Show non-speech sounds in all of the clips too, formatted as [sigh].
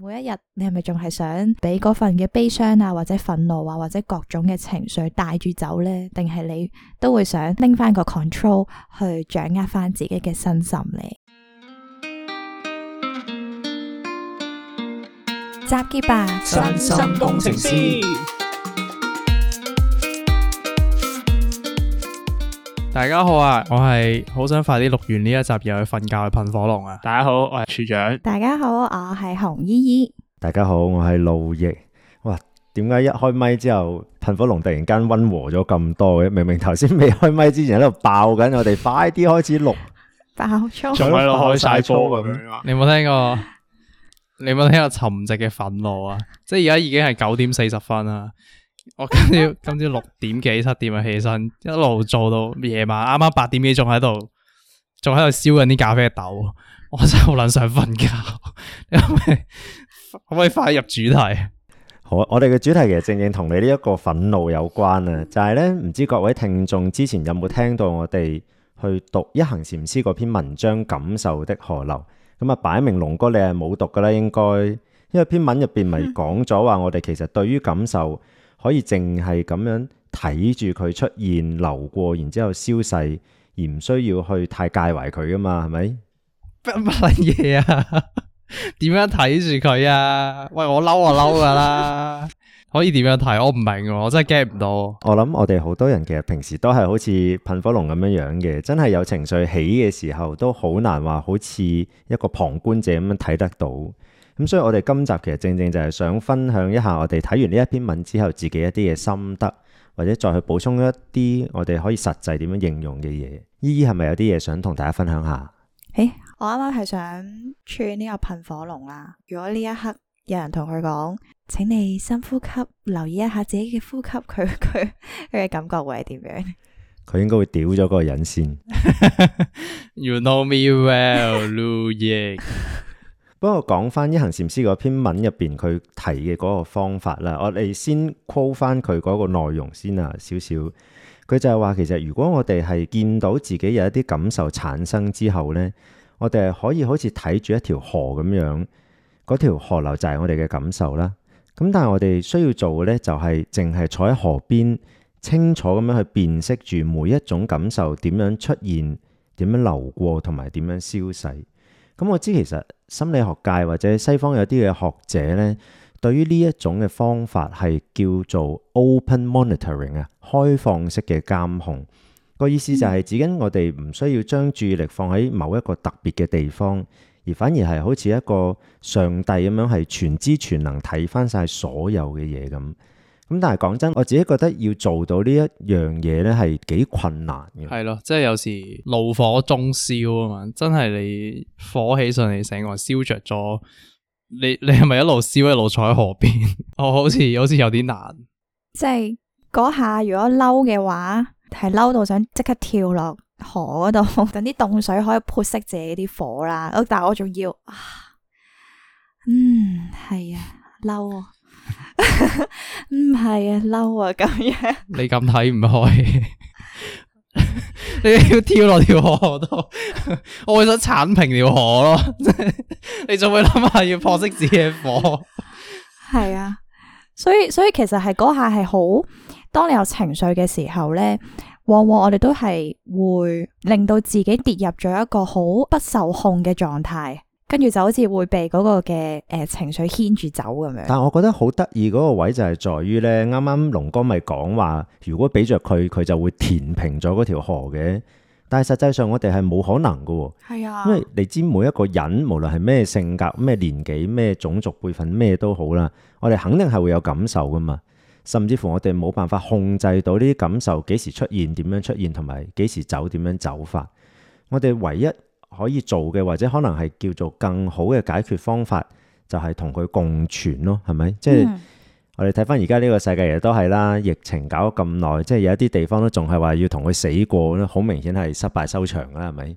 每一日，你係咪仲係想俾嗰份嘅悲傷啊，或者憤怒啊，或者各種嘅情緒帶住走呢？定係你都會想拎翻個 control 去掌握翻自己嘅身心呢？集結 [music] 吧，身心工程師。大家好啊！我係好想快啲錄完呢一集，又去瞓覺去噴火龍啊！大家好，我係處長。大家好，我係洪姨姨。大家好，我係陸奕。哇！點解一開咪之後噴火龍突然間溫和咗咁多嘅？明明頭先未開咪之前喺度爆緊， [laughs] 我哋快啲開始錄， [laughs] 爆粗仲喺度開晒波咁樣。 [laughs] 你有冇聽過？你有冇聽過沉寂嘅憤怒啊！即係而家已經係九點四十分啦。 [laughs] 我今朝今朝六點幾七點啊，起身一路做到夜晚，啱啱八點幾仲喺度仲喺度燒緊啲咖啡豆，我真係好捻想瞓覺。可唔可以可唔可以快入主題？好啊，我哋嘅主題其實正正同你呢一個憤怒有關啊，就係咧，唔知各位聽眾之前有冇聽到我哋去讀一行禪師嗰篇文章《感受的河流》？咁啊，擺明龍哥你係冇讀噶啦，應該因為篇文入邊咪講咗話，我哋其實對於感受、嗯。可以淨係咁樣睇住佢出現、流過，然之後消逝，而唔需要去太介懷佢噶嘛？係咪？乜嘢啊？點樣睇住佢啊？喂，我嬲啊，嬲噶啦！可以點樣睇？我唔明喎，我真係 get 唔到。 [laughs] 我諗我哋好多人其實平時都係好似噴火龍咁樣樣嘅，真係有情緒起嘅時候都好難話，好似一個旁觀者咁樣睇得到。咁、嗯、所以，我哋今集其實正正就係想分享一下我哋睇完呢一篇文之後自己一啲嘅心得，或者再去補充一啲我哋可以實際點樣應用嘅嘢。依依係咪有啲嘢想同大家分享下？誒，hey, 我啱啱係想串呢個噴火龍啦、啊。如果呢一刻有人同佢講，請你深呼吸，留意一下自己嘅呼吸，佢佢佢嘅感覺會係點樣？佢應該會屌咗嗰個人先。 [laughs] [laughs] You know me well, Lu [laughs] 不過講翻一行禪師嗰篇文入邊佢提嘅嗰個方法啦，我哋先 call 翻佢嗰個內容先啊，少少。佢就係話，其實如果我哋係見到自己有一啲感受產生之後呢，我哋係可以好似睇住一條河咁樣，嗰條河流就係我哋嘅感受啦。咁但係我哋需要做嘅呢，就係淨係坐喺河邊，清楚咁樣去辨識住每一種感受點樣出現、點樣流過同埋點樣消逝。咁、嗯、我知其實心理學界或者西方有啲嘅學者咧，對於呢一種嘅方法係叫做 open monitoring 啊，開放式嘅監控。個、嗯、意思就係，指緊我哋唔需要將注意力放喺某一個特別嘅地方，而反而係好似一個上帝咁樣，係全知全能睇翻晒所有嘅嘢咁。咁但係講真，我自己覺得要做到呢一樣嘢咧，係幾困難嘅。係咯，即係有時怒火中燒啊嘛！真係你火起上嚟，成個人燒着咗，你你係咪一路燒一路坐喺河邊？我 [laughs] 好似好似有啲難。即係嗰下如果嬲嘅話，係嬲到想即刻跳落河度， [laughs] 等啲凍水可以潑熄自己啲火啦。但係我仲要、嗯、啊，嗯，係啊，嬲啊！唔係 [laughs] 啊，嬲啊，咁樣你咁睇唔開，你要跳落條河度 [laughs] 我都，我 [laughs] 會想鏟平條河咯，你就會諗下要撲熄自己火。係 [laughs] 啊，所以所以其實係嗰下係好，當你有情緒嘅時候咧，往往我哋都係會令到自己跌入咗一個好不受控嘅狀態。跟住就好似會被嗰個嘅誒、呃、情緒牽住走咁樣。但係我覺得好得意嗰個位就係在於咧，啱啱龍哥咪講話，如果俾着佢，佢就會填平咗嗰條河嘅。但係實際上我哋係冇可能嘅喎、哦。係啊，因為你知每一個人，無論係咩性格、咩年紀、咩種族輩、輩份、咩都好啦，我哋肯定係會有感受噶嘛。甚至乎我哋冇辦法控制到呢啲感受幾時出現、點樣出現，同埋幾時走、點樣走法。我哋唯一。可以做嘅，或者可能係叫做更好嘅解決方法，就係同佢共存咯，係咪？即係我哋睇翻而家呢個世界，亦都係啦。疫情搞咗咁耐，即係有一啲地方都仲係話要同佢死過，好明顯係失敗收場啦，係咪？咁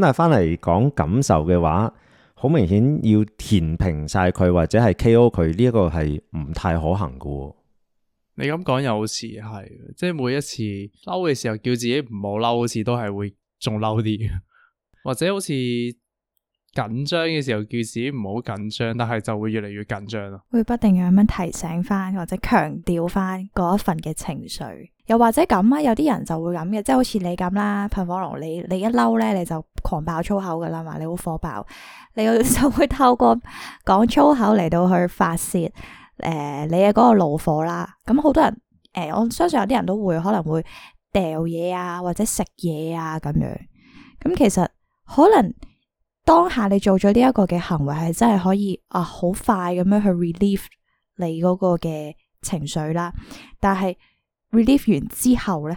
但係翻嚟講感受嘅話，好明顯要填平晒佢，或者係 K.O. 佢呢一個係唔太可行噶喎。你咁講又好似係，即係每一次嬲嘅時候，叫自己唔好嬲，好似都係會仲嬲啲。或者好似緊張嘅時候，叫自己唔好緊張，但係就會越嚟越緊張咯。會不斷咁樣提醒翻，或者強調翻嗰一份嘅情緒，又或者咁啊？有啲人就會咁嘅，即係好似你咁啦，啊，噴火龍，你你一嬲咧，你就狂爆粗口噶啦嘛，你好火爆，你就會透過講粗口嚟到去發泄誒、呃、你嘅嗰個怒火啦。咁、嗯、好多人誒、呃，我相信有啲人都會可能會掉嘢啊，或者食嘢啊咁樣。咁、嗯、其實。可能當下你做咗呢一個嘅行為係真係可以啊，好快咁樣去 relieve 你嗰個嘅情緒啦，但係 relieve 完之後咧，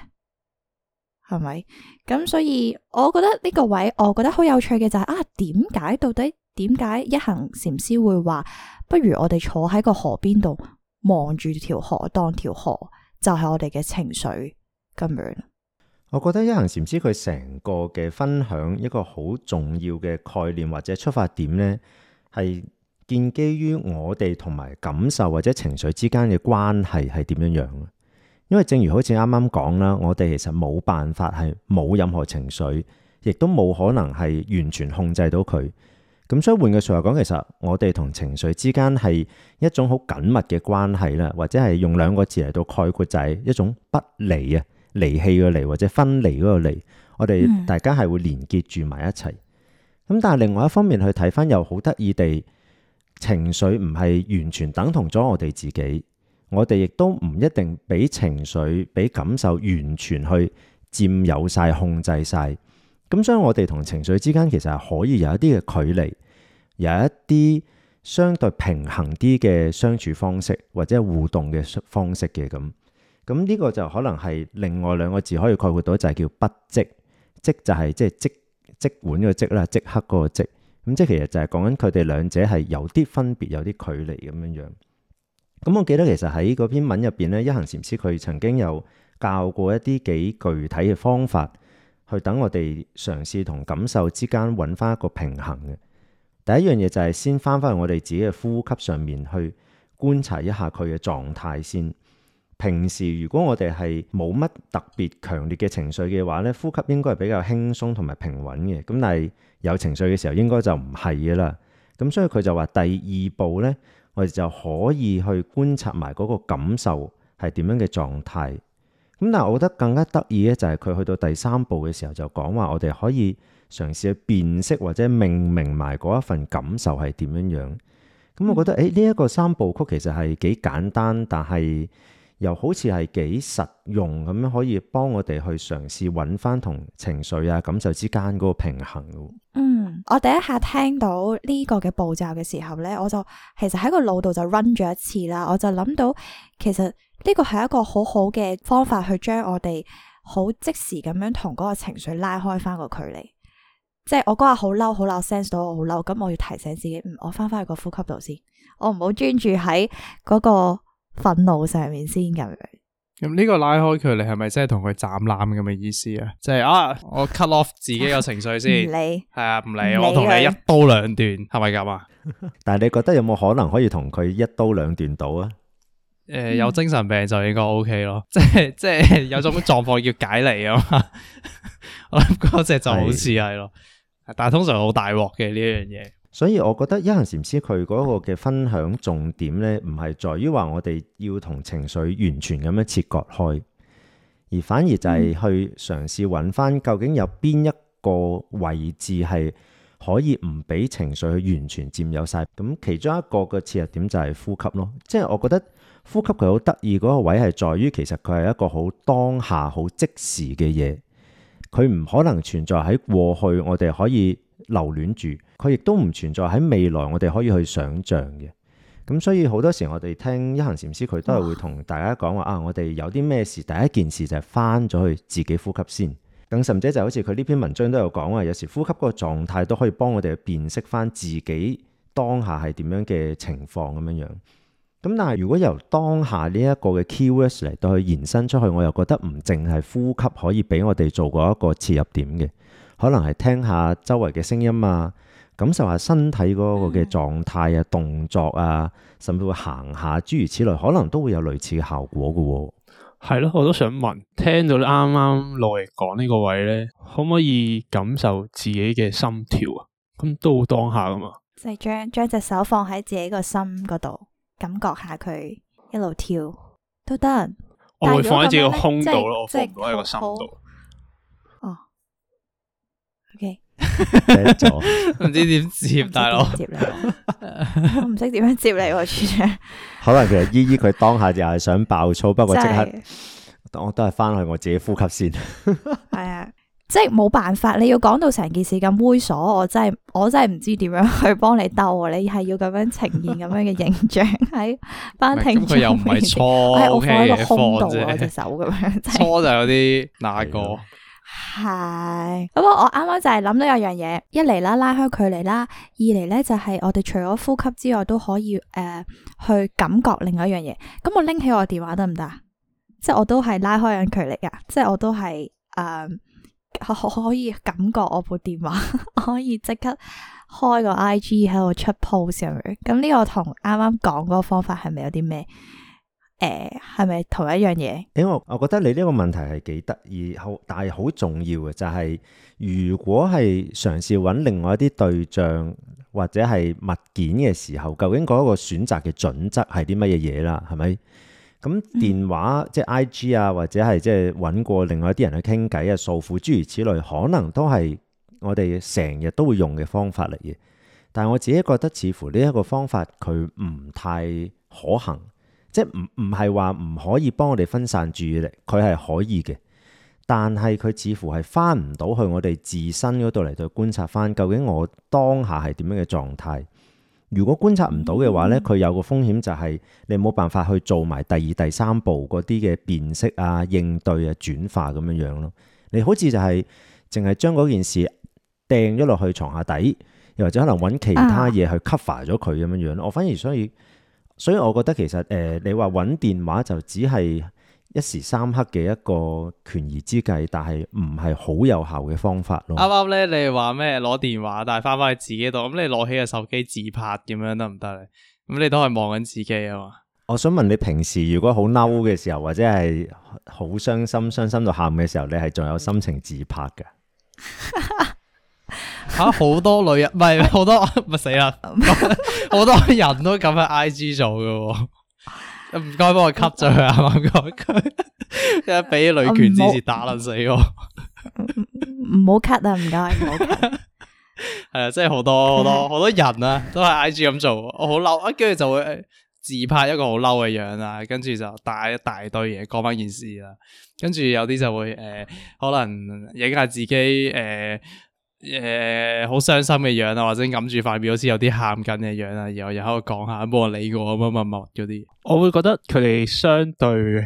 係咪？咁所以我覺得呢個位，我覺得好有趣嘅就係啊，點解到底點解一行禪師會話不如我哋坐喺個河邊度望住條河，當條河就係我哋嘅情緒咁樣。我覺得一行禪師佢成個嘅分享一個好重要嘅概念或者出發點呢，係建基於我哋同埋感受或者情緒之間嘅關係係點樣樣。因為正如好似啱啱講啦，我哋其實冇辦法係冇任何情緒，亦都冇可能係完全控制到佢。咁所以換句說話講，其實我哋同情緒之間係一種好緊密嘅關係啦，或者係用兩個字嚟到概括就係一種不離。啊。離棄個離或者分離嗰個離，我哋大家係會連結住埋一齊。咁但係另外一方面去睇返，又好得意地情緒唔係完全等同咗我哋自己，我哋亦都唔一定俾情緒、俾感受完全去佔有晒、控制晒。咁所以我哋同情緒之間其實係可以有一啲嘅距離，有一啲相對平衡啲嘅相處方式或者互動嘅方式嘅咁。咁呢個就可能係另外兩個字可以概括到，就係、是、叫不即，即就係即即碗嗰個即啦，即刻嗰個即。咁、嗯、即其實就係講緊佢哋兩者係有啲分別，有啲距離咁樣樣。咁、嗯、我記得其實喺嗰篇文入邊咧，一行禪師佢曾經有教過一啲幾具體嘅方法，去等我哋嘗試同感受之間揾翻一個平衡嘅。第一樣嘢就係先翻翻去我哋自己嘅呼吸上面去觀察一下佢嘅狀態先。平時如果我哋係冇乜特別強烈嘅情緒嘅話咧，呼吸應該係比較輕鬆同埋平穩嘅。咁但係有情緒嘅時候應該，應該就唔係嘅啦。咁所以佢就話第二步咧，我哋就可以去觀察埋嗰個感受係點樣嘅狀態。咁但係我覺得更加得意咧，就係佢去到第三步嘅時候就講話，我哋可以嘗試去辨識或者命名埋嗰一份感受係點樣樣。咁我覺得誒呢一個三部曲其實係幾簡單，但係又好似係幾實用咁樣，可以幫我哋去嘗試揾翻，同情緒啊感受之間嗰個平衡。嗯，我第一下聽到呢個嘅步驟嘅時候咧，我就其實喺個腦度就 run 咗一次啦。我就諗到，其實呢個係一個好好嘅方法，去將我哋好即時咁樣同嗰個情緒拉開翻個距離。即係我嗰日好嬲，好嬲 sense 到我好嬲，咁我要提醒自己，嗯，我翻翻去個呼吸度先，我唔好專注喺嗰、嗰個。憤怒上面先咁樣，咁呢個拉開佢，你係咪真係同佢斬纜咁嘅意思啊？即係 [laughs] 會啊，我 cut off 自己個情緒先，唔理，係啊，唔理我同你一刀兩斷，係咪咁啊？但係你覺得有冇可能可以同佢一刀兩斷到啊？誒、嗯呃，有精神病就應該 OK 咯， [laughs] 即係即係有種狀況要解離啊嘛，我諗嗰隻就好似係咯，的但係通常好大鑊嘅呢樣嘢。所以，我覺得一行禪師佢嗰個嘅分享重點咧，唔係在於話我哋要同情緒完全咁樣切割開，而反而就係去嘗試揾返究竟有邊一個位置係可以唔俾情緒去完全佔有晒。咁其中一個嘅切入點就係呼吸咯。即係我覺得呼吸佢好得意嗰個位係在於其實佢係一個好當下、好即時嘅嘢，佢唔可能存在喺過去，我哋可以留戀住。佢亦都唔存在喺未來，我哋可以去想象嘅。咁所以好多時我哋聽一行禪師，佢都係會同大家講話啊，我哋有啲咩事，第一件事就係翻咗去自己呼吸先。更甚者，就好似佢呢篇文章都有講話，有時呼吸個狀態都可以幫我哋去辨識翻自己當下係點樣嘅情況咁樣樣。咁但係如果由當下呢一個嘅 key words 嚟到去延伸出去，我又覺得唔淨係呼吸可以俾我哋做過一個切入點嘅，可能係聽下周圍嘅聲音啊。感受下身體嗰個嘅狀態啊、動作啊，甚至會行下諸如此類，可能都會有類似嘅效果嘅喎、哦。係咯，我都想問，聽到你啱啱落嚟講呢個位咧，嗯、可唔可以感受自己嘅心跳啊？咁都好當下噶嘛，即係將將隻手放喺自己個心嗰度，感覺下佢一路跳都得。我會放喺自己個胸度咯，即我放唔到喺個心度。哦，OK。唔 [laughs] 知點接大佬，我唔識點樣接你， [laughs] [laughs] 接你、啊，處長。 [laughs] 可能其實姨姨佢當下又係想爆粗，不過即刻，我都係翻去我自己呼吸先。係 [laughs] 啊，即係冇辦法，你要講到成件事咁猥瑣，我真係我真係唔知點樣去幫你鬥。 [laughs] 你係要咁樣呈現咁樣嘅形象喺返聽，咁佢 [laughs] 又唔係搓，我放喺個胸度，我隻手咁樣，搓初就有啲那個。 [laughs] [laughs] [laughs] 係，咁我啱啱就係諗到有樣嘢，一嚟啦拉開距離啦，二嚟呢，就係、是、我哋除咗呼吸之外都可以誒、呃、去感覺另外一樣嘢。咁我拎起我電話得唔得啊？即係我都係拉開緊距離噶，即係我都係誒、呃、可以感覺我部電話， [laughs] 可以即刻開個 I G 喺度出 p o s e 係咪？咁呢個同啱啱講嗰個方法係咪有啲咩？誒，係咪同一樣嘢？因為我我覺得你呢個問題係幾得意，好，但係好重要嘅就係、是，如果係嘗試揾另外一啲對象或者係物件嘅時候，究竟嗰一個選擇嘅準則係啲乜嘢嘢啦？係咪？咁電話、嗯、即係 IG 啊，或者係即係揾過另外一啲人去傾偈啊，訴苦，諸如此類，可能都係我哋成日都會用嘅方法嚟嘅。但係我自己覺得似乎呢一個方法佢唔太可行。即係唔唔係話唔可以幫我哋分散注意力，佢係可以嘅，但係佢似乎係翻唔到去我哋自身嗰度嚟到觀察翻究竟我當下係點樣嘅狀態。如果觀察唔到嘅話咧，佢、嗯、有個風險就係你冇辦法去做埋第二、第三步嗰啲嘅辨識啊、應對啊、轉化咁樣樣咯。你好似就係淨係將嗰件事掟咗落去床下底，又或者可能搵其他嘢去 cover 咗佢咁樣樣咯。我反而所以。所以我覺得其實誒、呃，你話搵電話就只係一時三刻嘅一個權宜之計，但係唔係好有效嘅方法咯。啱啱咧，你話咩攞電話，但係翻翻去自己度，咁你攞起個手機自拍，咁樣得唔得咧？咁你都係望緊自己啊嘛。我想問你平時如果好嬲嘅時候，或者係好傷心、傷心到喊嘅時候，你係仲有心情自拍㗎？嗯 [laughs] 吓好、啊、多女人，唔係好多，唔係死啦，好多人都咁喺 I G 做嘅，唔該幫我 cut 咗佢啱啱嗰句，跟住俾女拳之士打撚死我，唔好 cut 啊，唔該，唔好 cut。係啊， [laughs] 即係好多好多好多人啊，都係 I G 咁做，我好嬲，啊，跟住就會自拍一個好嬲嘅樣啊，跟住就打一大堆嘢講翻件事啦，跟住有啲就會誒、呃，可能影下自己誒。呃誒，好傷心嘅樣啊，或者揞住塊面好似有啲喊緊嘅樣啊，然後又喺度講下，冇人理我咁乜乜乜嗰啲，我會覺得佢哋相對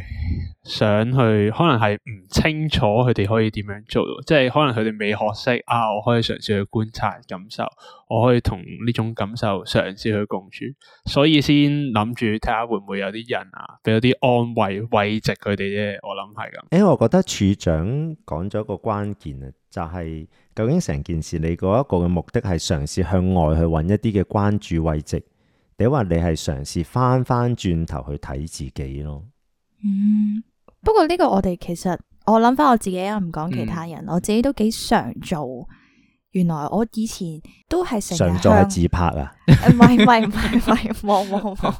想去，可能係唔清楚佢哋可以點樣做，即係可能佢哋未學識啊，我可以嘗試去觀察感受，我可以同呢種感受嘗試去共處，所以先諗住睇下會唔會有啲人啊，俾啲安慰慰藉佢哋啫，我諗係咁。誒、欸，我覺得處長講咗個關鍵啊，就係……究竟成件事，你嗰一個嘅目的係嘗試向外去揾一啲嘅關注位置，定話你係嘗試翻翻轉頭去睇自己咯？嗯，不過呢個我哋其實我諗翻我自己，我唔講其他人，嗯、我自己都幾常做。原來我以前都係常做自拍啊？唔係唔係唔係唔係，冇冇冇。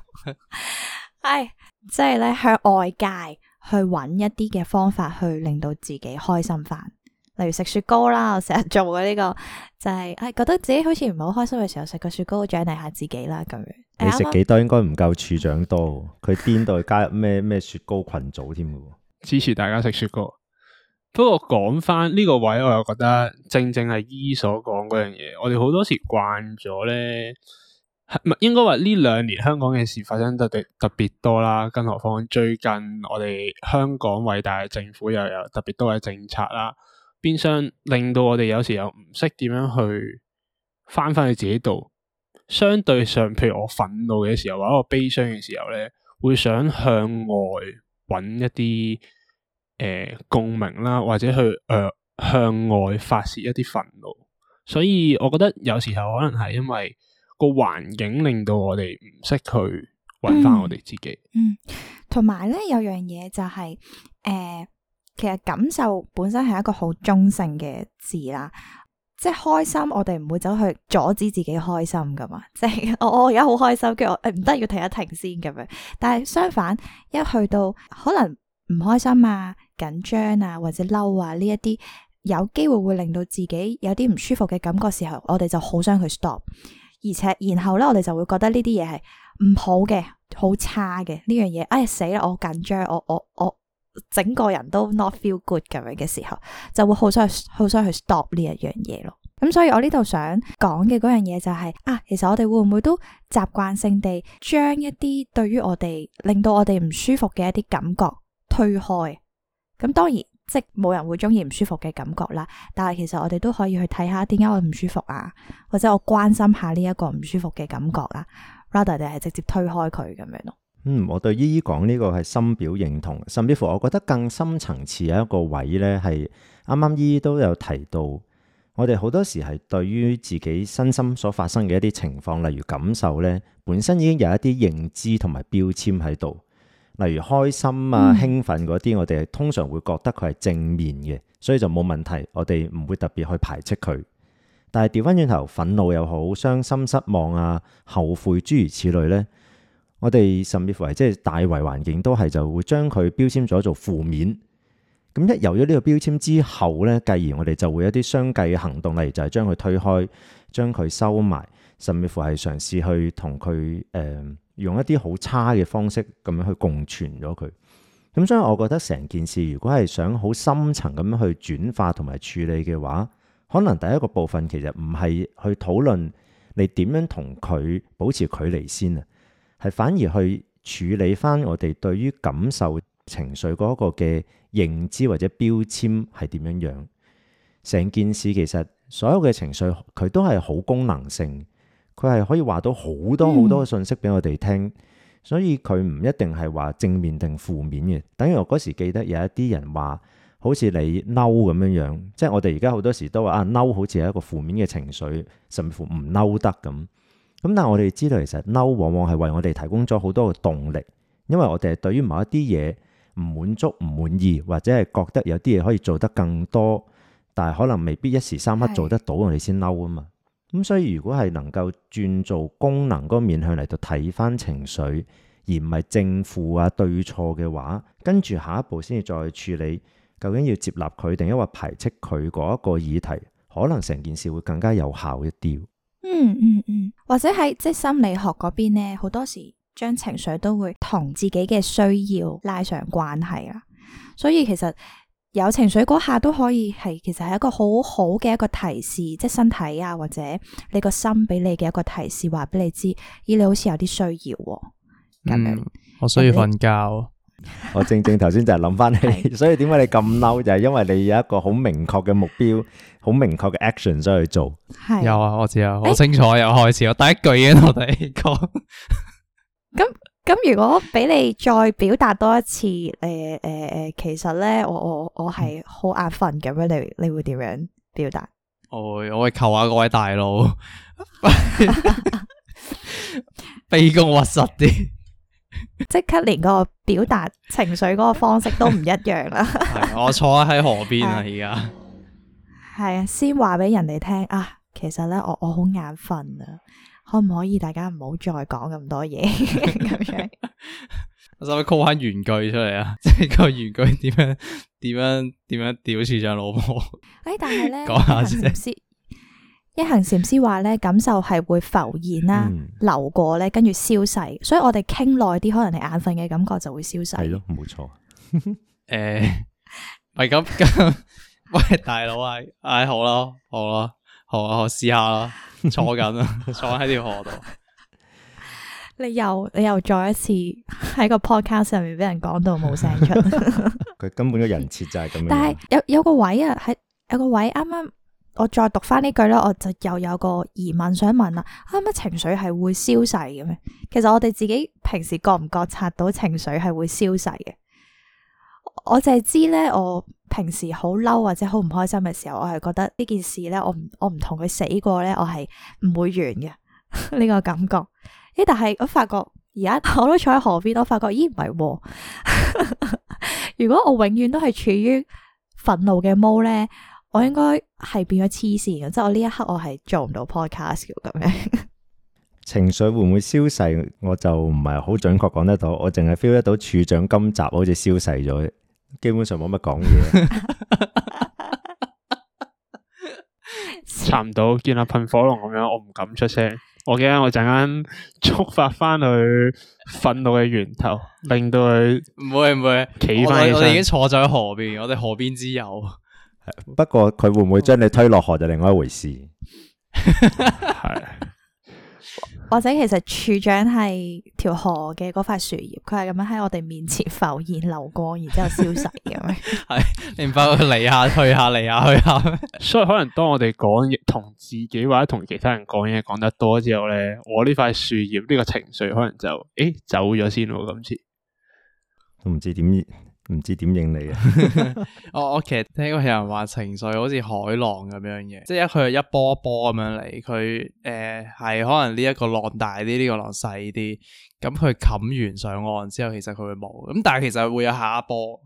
唉，即係咧向外界去揾一啲嘅方法，去令到自己開心翻。例如食雪糕啦，我成日做嘅呢個就係，係覺得自己好似唔係好開心嘅時候食個雪糕獎勵下自己啦咁樣。你食幾多應該唔夠處長多，佢邊度加入咩咩雪糕群組添嘅？ [laughs] 支持大家食雪糕。不過講翻呢個位，我又覺得正正係依所講嗰樣嘢。我哋好多時慣咗咧，唔應該話呢兩年香港嘅事發生得特別特別多啦。更何況最近我哋香港偉大嘅政府又有特別多嘅政策啦。變相令到我哋有時候唔識點樣去翻翻去自己度？相對上，譬如我憤怒嘅時候，或者我悲傷嘅時候咧，會想向外揾一啲誒、呃、共鳴啦，或者去誒、呃、向外發洩一啲憤怒。所以我覺得有時候可能係因為個環境令到我哋唔識去揾翻我哋自己。嗯，同埋咧有樣嘢就係、是、誒。呃其實感受本身係一個好中性嘅字啦，即係開心，我哋唔會走去阻止自己開心噶嘛。即係我我而家好開心，跟住我誒唔得，要停一停先咁樣。但係相反，一去到可能唔開心啊、緊張啊或者嬲啊呢一啲，有機會會令到自己有啲唔舒服嘅感覺時候，我哋就好想去 stop。而且然後咧，我哋就會覺得呢啲嘢係唔好嘅、好差嘅呢樣嘢。哎呀死啦！我緊張，我我我。我整個人都 not feel good 咁樣嘅時候，就會好想好想去 stop 呢一樣嘢咯。咁所以我呢度想講嘅嗰樣嘢就係啊，其實我哋會唔會都習慣性地將一啲對於我哋令到我哋唔舒服嘅一啲感覺推開？咁當然即冇人會中意唔舒服嘅感覺啦。但係其實我哋都可以去睇下點解我唔舒服啊，或者我關心下呢一個唔舒服嘅感覺啊，rather than 係直接推開佢咁樣咯。嗯，我對姨姨講呢個係深表認同，甚至乎我覺得更深層次有一個位呢，係啱啱姨姨都有提到，我哋好多時係對於自己身心所發生嘅一啲情況，例如感受呢，本身已經有一啲認知同埋標籤喺度，例如開心啊、嗯、興奮嗰啲，我哋通常會覺得佢係正面嘅，所以就冇問題，我哋唔會特別去排斥佢。但係調翻轉頭，憤怒又好、傷心、失望啊、後悔諸如此類呢。我哋甚至乎係即係大圍環境都係就會將佢標籤咗做負面，咁一有咗呢個標籤之後咧，繼而我哋就會有啲相繼嘅行動，例如就係將佢推開、將佢收埋，甚至乎係嘗試去同佢誒用一啲好差嘅方式咁樣去共存咗佢。咁所以，我覺得成件事如果係想好深層咁樣去轉化同埋處理嘅話，可能第一個部分其實唔係去討論你點樣同佢保持距離先啊。係反而去處理返我哋對於感受情緒嗰個嘅認知或者標籤係點樣樣？成件事其實所有嘅情緒佢都係好功能性，佢係可以話到好多好多嘅信息俾我哋聽，所以佢唔一定係話正面定負面嘅。等於我嗰時記得有一啲人話，好似你嬲咁樣樣，即係我哋而家好多時都話啊嬲好似係一個負面嘅情緒，甚至乎唔嬲得咁。咁但係我哋知道，其實嬲往往係為我哋提供咗好多嘅動力，因為我哋係對於某一啲嘢唔滿足、唔滿意，或者係覺得有啲嘢可以做得更多，但係可能未必一時三刻做得到，我哋先嬲啊嘛。咁所以如果係能夠轉做功能嗰個面向嚟到睇翻情緒，而唔係正負啊對錯嘅話，跟住下一步先至再處理究竟要接納佢定抑或排斥佢嗰一個議題，可能成件事會更加有效一啲。嗯嗯嗯，或者喺即係心理學嗰邊咧，好多時將情緒都會同自己嘅需要拉上關係啦。所以其實有情緒嗰下都可以係，其實係一個好好嘅一個提示，即係身體啊或者你個心俾你嘅一個提示，話俾你知，咦，你好似有啲需要咁，啊、樣、嗯。我需要瞓覺，我正正頭先就係諗翻起， [laughs] 所以點解你咁嬲就係、是、因為你有一個好明確嘅目標。好明確嘅 action 先去做，的有啊，我知啊，好清楚又開始咯。我第一句同你講，咁 [laughs] 咁如果俾你再表達多一次，誒誒誒，其實咧，我我我係好眼瞓咁樣，你你會點樣表達、嗯？我我求下各位大佬，卑 [laughs] 躬 [laughs] [laughs] 屈膝啲， [laughs] [laughs] 即刻連個表達情緒嗰個方式都唔一樣啦 [laughs] [laughs] 我坐喺河邊啊，而家。係啊，先話俾人哋聽啊，其實咧，我我好眼瞓啊，可唔可以大家唔好再講咁多嘢咁 [laughs] 這樣、， [laughs] 就是、樣？我使唔使 call 翻原句出嚟啊？即係個原句點樣點樣點樣屌？處長老婆？誒、哎，但係咧，講一下先。一行禪師 [laughs] 話咧，感受係會浮現啦，嗯、流過咧，跟住消逝。所以我哋傾耐啲，可能係眼瞓嘅感覺就會消逝。係咯，冇錯。誒、 [laughs] [laughs] 哎，係咁咁。 [laughs] 哎 [laughs] 喂，大佬啊，唉、哎，好啦，好啦，好啊，我試下啦，坐緊啦， [laughs] 坐喺條河度。 [laughs] 你又你又再一次喺個 podcast 入面俾人講到冇聲出，佢 [laughs] [laughs] 根本個人設就係咁樣。但係有有個位啊，喺有個位，啱啱我再讀翻呢句咧，我就又有個疑問想問啦、啊。啱、啊、啱情緒係會消逝嘅咩？其實我哋自己平時覺唔覺察到情緒係會消逝嘅？我就係知咧，我平時好嬲或者好唔開心嘅時候，我係覺得呢件事咧，我唔我唔同佢死過咧，我係唔會完嘅呢 [laughs] 個感覺。誒，但係我發覺而家我都坐喺河邊，我發覺咦唔係，喎、 [laughs] 如果我永遠都係處於憤怒嘅毛咧，我應該係變咗黐綫嘅，即係我呢一刻我係做唔到 podcast 咁樣 [laughs] 情緒會唔會消逝，我就唔係好準確講得到，我淨係 feel 得到處長今集好似消逝咗。基本上冇乜講嘢， [laughs] 查唔到見阿噴火龍咁樣，我唔敢出聲。我記得我陣間觸發翻佢憤怒嘅源頭，令到佢唔會唔會企翻。我哋已經坐在河邊，我哋河邊之友。不過佢會唔會將你推落河就另外一回事。 [laughs] [laughs] 或者其實處長係條河嘅嗰塊樹葉，佢係咁樣喺我哋面前浮現、流過，然之後消失嘅咩？係，你唔怕佢嚟下退下嚟下去下咩？下下下 [laughs] 所以可能當我哋講同自己或者同其他人講嘢講得多之後咧，我呢塊樹葉呢個情緒可能就誒走咗先咯，今次。都唔知點。唔知點應你啊！我我其實聽過有人話情緒好似海浪咁樣嘢，即係佢係一波一波咁樣嚟，佢誒係可能呢一個浪大啲，呢個浪細啲，咁佢冚完上岸之後，其實佢會冇，咁但係其實會有下一波，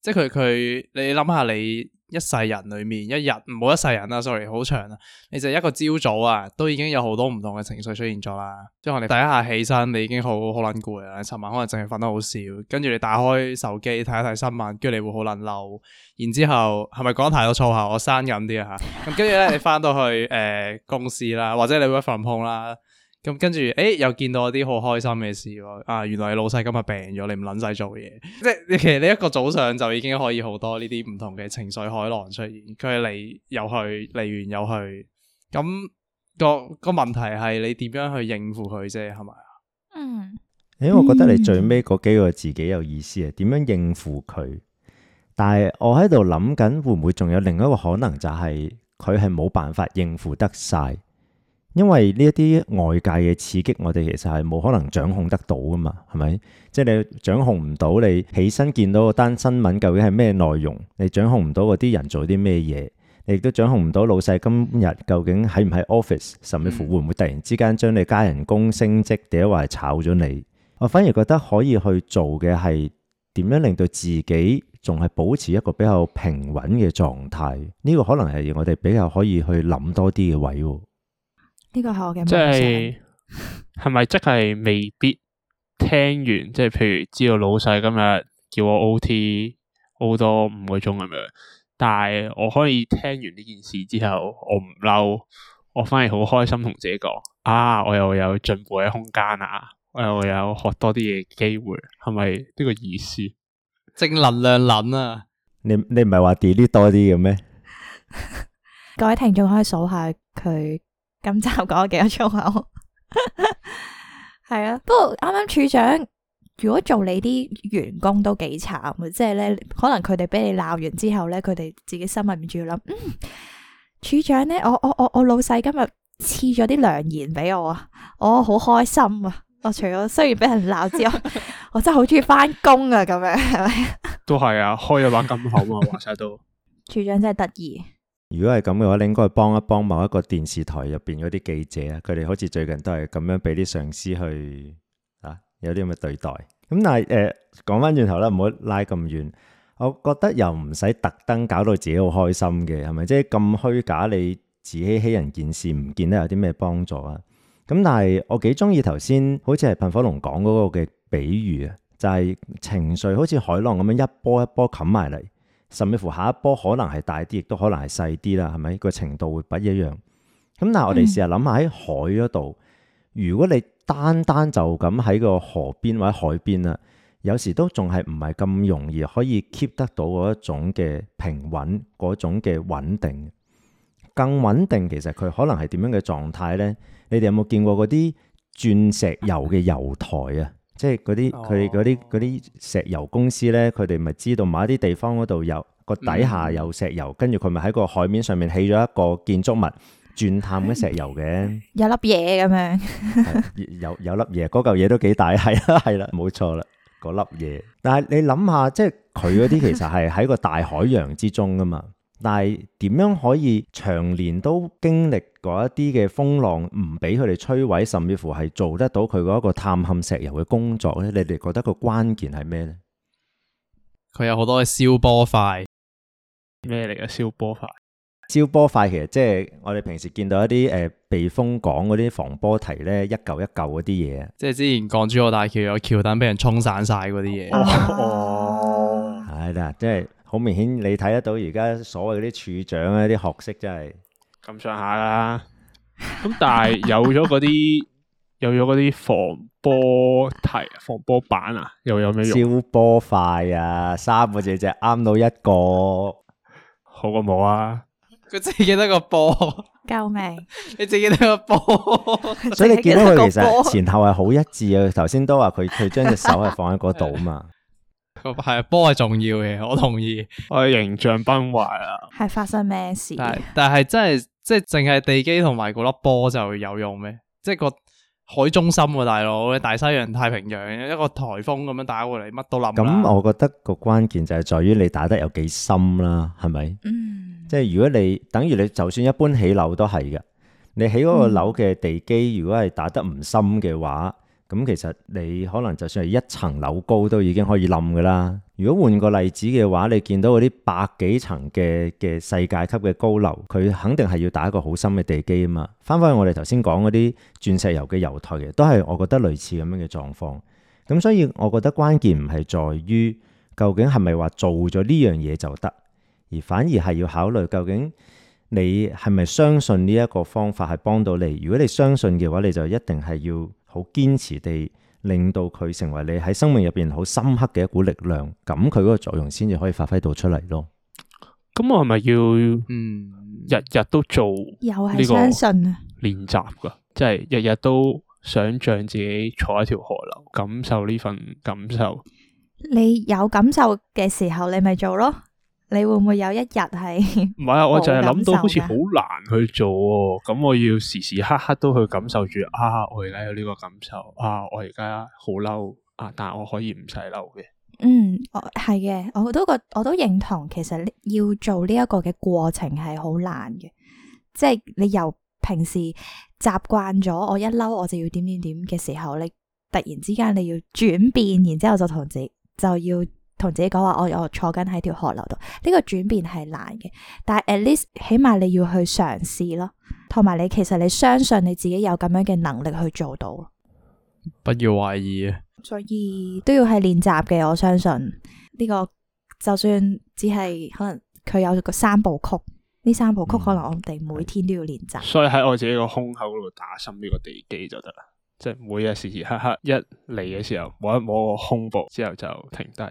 即係佢佢你諗下你。一世人裏面一日，唔好一世人啦，Sorry，好長啊。你就一個朝早啊，都已經有好多唔同嘅情緒出現咗啦。即係我哋第一下起身，你已經好好捻攰啦。尋晚可能淨係瞓得好少，跟住你打開手機睇一睇新聞，跟住你會好捻嬲。然之後係咪講太多粗口？我刪緊啲啊吓。咁跟住咧，你翻到去誒、呃、公司啦，或者你 work from home 啦。咁跟住，誒，又見到啲好開心嘅事喎！啊，原來你老細今日病咗，你唔捻使做嘢，即係其實你一個早上就已經可以好多呢啲唔同嘅情緒海浪出現，佢係嚟，又去，嚟,完又去，咁、嗯、個個問題係你點樣去應付佢啫？係咪啊？嗯，誒，我覺得你最尾嗰幾個字幾有意思啊，點樣應付佢？但係我喺度諗緊，會唔會仲有另一個可能，就係佢係冇辦法應付得晒？因為呢一啲外界嘅刺激，我哋其實係冇可能掌控得到噶嘛，係咪？即係你掌控唔到你起身見到嗰單新聞究竟係咩內容，你掌控唔到嗰啲人做啲咩嘢，你亦都掌控唔到老細今日究竟喺唔喺 office，甚至乎會唔會突然之間將你加人工升職，定係話炒咗你？我反而覺得可以去做嘅係點樣令到自己仲係保持一個比較平穩嘅狀態，呢個可能係我哋比較可以去諗多啲嘅位喎。呢個係我嘅即想，係咪即係未必聽完？即係譬如知道老細今日叫我 OT 好多五個鐘咁樣，但係我可以聽完呢件事之後，我唔嬲，我反而好開心，同自己講啊，我又有進步嘅空間啊，我又有學多啲嘢機會，係咪呢個意思？正能量諗啊！你你唔係話 delete 多啲嘅咩？各位聽眾可以數下佢。今集講咗幾多粗口，係 [laughs] 啊， [laughs] 啊不過啱啱處長如果做你啲員工都幾慘啊，即係咧可能佢哋俾你鬧完之後咧，佢哋自己心入面仲要諗、嗯，處長咧，我我我我老細今日賜咗啲良言俾我啊，我好開心啊，我除咗雖然俾人鬧之外， [laughs] 我真係好中意翻工啊，咁樣係咪？是是 [laughs] 都係啊，開一把金口啊，話晒都 [laughs] [laughs] 處長真係得意。如果係咁嘅話，你應該幫一幫某一個電視台入邊嗰啲記者啊，佢哋好似最近都係咁樣俾啲上司去啊，有啲咁嘅對待。咁、嗯、但係誒，講返轉頭啦，唔好拉咁遠。我覺得又唔使特登搞到自己好開心嘅，係咪？即係咁虛假，你自欺欺人件事唔見得有啲咩幫助啊。咁、嗯、但係我幾中意頭先，好似係噴火龍講嗰個嘅比喻啊，就係、是、情緒好似海浪咁樣一波一波冚埋嚟。甚至乎下一波可能係大啲，亦都可能係細啲啦，係咪？個程度會不一樣。咁，但係我哋試下諗下喺海嗰度，如果你單單就咁喺個河邊或者海邊啦，有時都仲係唔係咁容易可以 keep 得到嗰一種嘅平穩，嗰種嘅穩定。更穩定，其實佢可能係點樣嘅狀態呢？你哋有冇見過嗰啲鑽石油嘅油台啊？即係嗰啲佢嗰啲啲石油公司咧，佢哋咪知道某一啲地方嗰度有個底下有石油，嗯、跟住佢咪喺個海面上面起咗一個建築物鑽探嗰石油嘅 [laughs] [laughs] ，有粒嘢咁樣，有有粒嘢，嗰嚿嘢都幾大，係啦係啦，冇錯啦，嗰粒嘢。但係你諗下，即係佢嗰啲其實係喺個大海洋之中㗎嘛。 [laughs] 但係點樣可以長年都經歷嗰一啲嘅風浪，唔俾佢哋摧毀，甚至乎係做得到佢嗰一個探勘石油嘅工作呢？你哋覺得個關鍵係咩呢？佢有好多嘅消波塊，咩嚟嘅消波塊？消波塊其實即係我哋平時見到一啲誒、呃、避風港嗰啲防波堤，呢一嚿一嚿嗰啲嘢。即係之前港珠澳大橋有橋墩俾人沖散晒嗰啲嘢。哦，係啦，即係。好明顯，你睇得到而家所謂嗰啲處長咧、啊，啲學識真係咁上下啦、啊。咁 [laughs] [laughs] 但係有咗嗰啲，有咗啲防波堤、防波板啊，又有咩用？消波塊啊，三個字就啱到一個， [laughs] 好過冇啊！佢只記得個波， [laughs] 救命！ [laughs] 你只記得個波， [laughs] 所以你見到佢其實前後係好一致啊。頭先都話佢佢將隻手係放喺嗰度啊嘛。 [laughs] 個係波係重要嘅，我同意。我形象崩壞啦。係 [laughs] 發生咩事？但係真係即係淨係地基同埋嗰粒波就有用咩？即係個海中心喎，大佬，大西洋、太平洋一個台風咁樣打過嚟，乜都冧啦。咁我覺得個關鍵就係在於你打得有幾深啦，係咪？嗯。即係如果你等於你就算一般起樓都係嘅，你起嗰個樓嘅地基如果係打得唔深嘅話。咁其實你可能就算係一層樓高都已經可以冧噶啦。如果換個例子嘅話，你見到嗰啲百幾層嘅嘅世界級嘅高樓，佢肯定係要打一個好深嘅地基啊嘛。翻返去我哋頭先講嗰啲鑽石油嘅油台嘅，都係我覺得類似咁樣嘅狀況。咁所以我覺得關鍵唔係在於究竟係咪話做咗呢樣嘢就得，而反而係要考慮究竟你係咪相信呢一個方法係幫到你。如果你相信嘅話，你就一定係要。好堅持地令到佢成為你喺生命入邊好深刻嘅一股力量，咁佢嗰個作用先至可以發揮到出嚟咯。咁我係咪要嗯日日都做？又係相信啊，練習噶，即係日日都想象自己坐一條河流，感受呢份感受。你有感受嘅時候，你咪做咯。你會唔會有一日係唔係啊？我就係諗到好似好難去做哦。咁我要時時刻刻都去感受住啊！我而家有呢個感受啊！我而家好嬲啊！但係我可以唔使嬲嘅。嗯，我係嘅，我都覺，我都認同。其實要做呢一個嘅過程係好難嘅，即係你由平時習慣咗我一嬲我就要點點點嘅時候，你突然之間你要轉變，然之後就同自己就要。同自己講話，我我坐緊喺條河流度，呢個轉變係難嘅，但係 at least 起碼你要去嘗試咯，同埋你其實你相信你自己有咁樣嘅能力去做到，不要懷疑。所以都要係練習嘅，我相信呢個就算只係可能佢有個三部曲，呢三部曲可能我哋每天都要練習，嗯。所以喺我自己個胸口度打深呢個地基就得啦，即係每日時時刻刻一嚟嘅時候摸一摸個胸部之後就停低。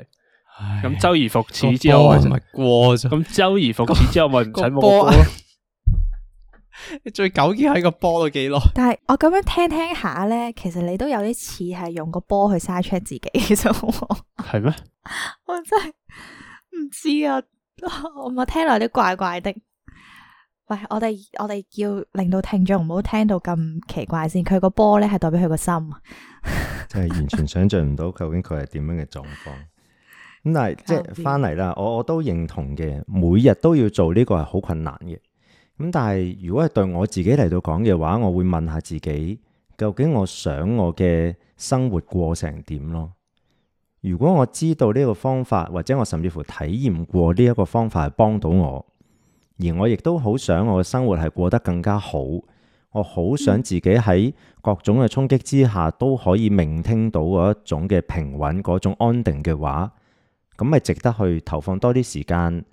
咁唉周而復始之後咪過咗，咁周而復始之後咪唔使冇咯。你最糾結喺個波度幾耐？但係我咁樣聽聽下咧，其實你都有啲似係用個波去嘥 check 自己，其實係咩？我真係唔知啊！我咪聽落有啲怪怪的。喂，我哋我哋要令到聽眾唔好聽到咁奇怪先。佢個波咧係代表佢個心，即 [laughs] 係完全想象唔到究竟佢係點樣嘅狀況。咁但係即係翻嚟啦，我我都認同嘅，每日都要做呢個係好困難嘅。咁但係如果係對我自己嚟到講嘅話，我會問下自己，究竟我想我嘅生活過成點咯？如果我知道呢個方法，或者我甚至乎體驗過呢一個方法係幫到我，而我亦都好想我嘅生活係過得更加好，我好想自己喺各種嘅衝擊之下都可以明聽到嗰一種嘅平穩，嗰種安定嘅話。咁咪值得去投放多啲時間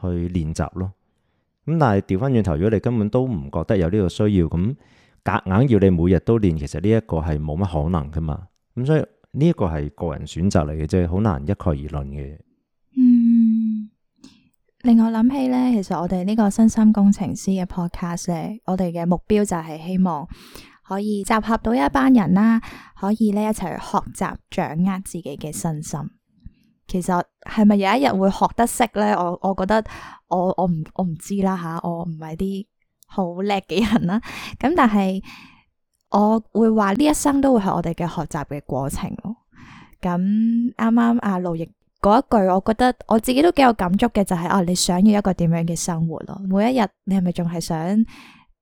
去練習咯。咁但係調翻轉頭，如果你根本都唔覺得有呢個需要，咁夾硬，硬要你每日都練，其實呢一個係冇乜可能噶嘛。咁所以呢一個係個人選擇嚟嘅啫，好難一概而論嘅。嗯，令我諗起咧，其實我哋呢個身心工程師嘅 podcast，我哋嘅目標就係希望可以集合到一班人啦，啊，可以咧一齊學習掌握自己嘅身心。其實係咪有一日會學得識咧？我我覺得我我唔我唔知啦吓，我唔係啲好叻嘅人啦，啊。咁 [laughs] 但係我會話呢一生都會係我哋嘅學習嘅過程咯。咁啱啱阿路易嗰一句，我覺得我自己都幾有感觸嘅，就是，就係哦，你想要一個點樣嘅生活咯，啊？每一日你係咪仲係想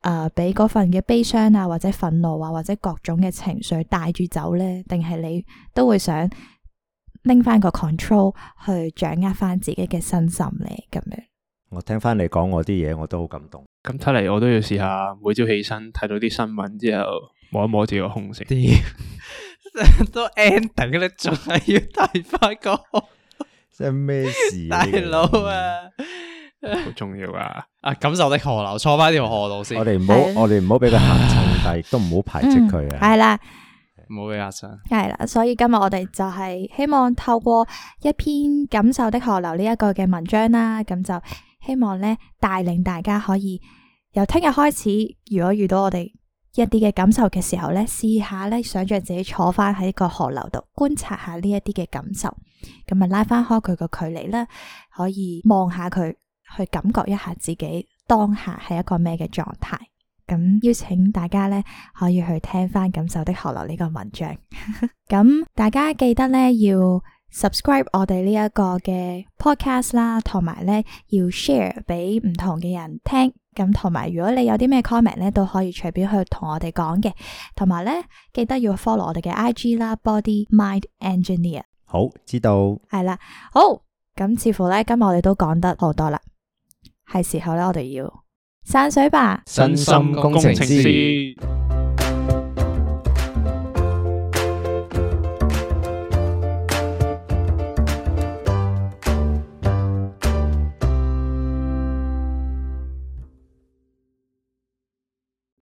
誒俾嗰份嘅悲傷啊，或者憤怒啊，或者各種嘅情緒帶住走咧？定係你都會想？拎翻個 control 去掌握翻自己嘅身心咧，咁樣。我聽翻你講我啲嘢，我都好感動。咁睇嚟，我都要試下，每朝起身睇到啲新聞之後，摸一摸條紅色。啊、 [laughs] 都 ending 啦，仲係要睇翻、那個，即係咩事大佬啊？好哥、啊 [laughs] 啊、重要噶、啊。啊，感受的河流，坐翻條河道先。我哋唔好，我哋唔好俾佢行沉，但亦都唔好排斥佢啊。係啦、 [laughs] 嗯。嗯嗯冇嘅壓上。係啦，所以今日我哋就係希望透過一篇感受的河流呢一個嘅文章啦，咁就希望咧帶領大家可以由聽日開始，如果遇到我哋一啲嘅感受嘅時候咧，試下咧想象自己坐翻喺個河流度觀察下呢一啲嘅感受，咁啊拉翻開佢個距離啦，可以望下佢，去感覺一下自己當下係一個咩嘅狀態。咁、嗯、邀請大家咧，可以去聽翻《感受的河流》呢個文章。咁、 [laughs] 嗯、大家記得咧要 subscribe 我哋呢一個嘅 podcast 啦，呢同埋咧要 share 俾唔同嘅人聽。咁同埋，如果你有啲咩 comment 咧，都可以隨便去同我哋講嘅。同埋咧，記得要 follow 我哋嘅 IG 啦，Body Mind Engineer。好，知道。係啦，好。咁、嗯、似乎咧，今日我哋都講得好多啦，係時候咧，我哋要。山水吧，身心工程師。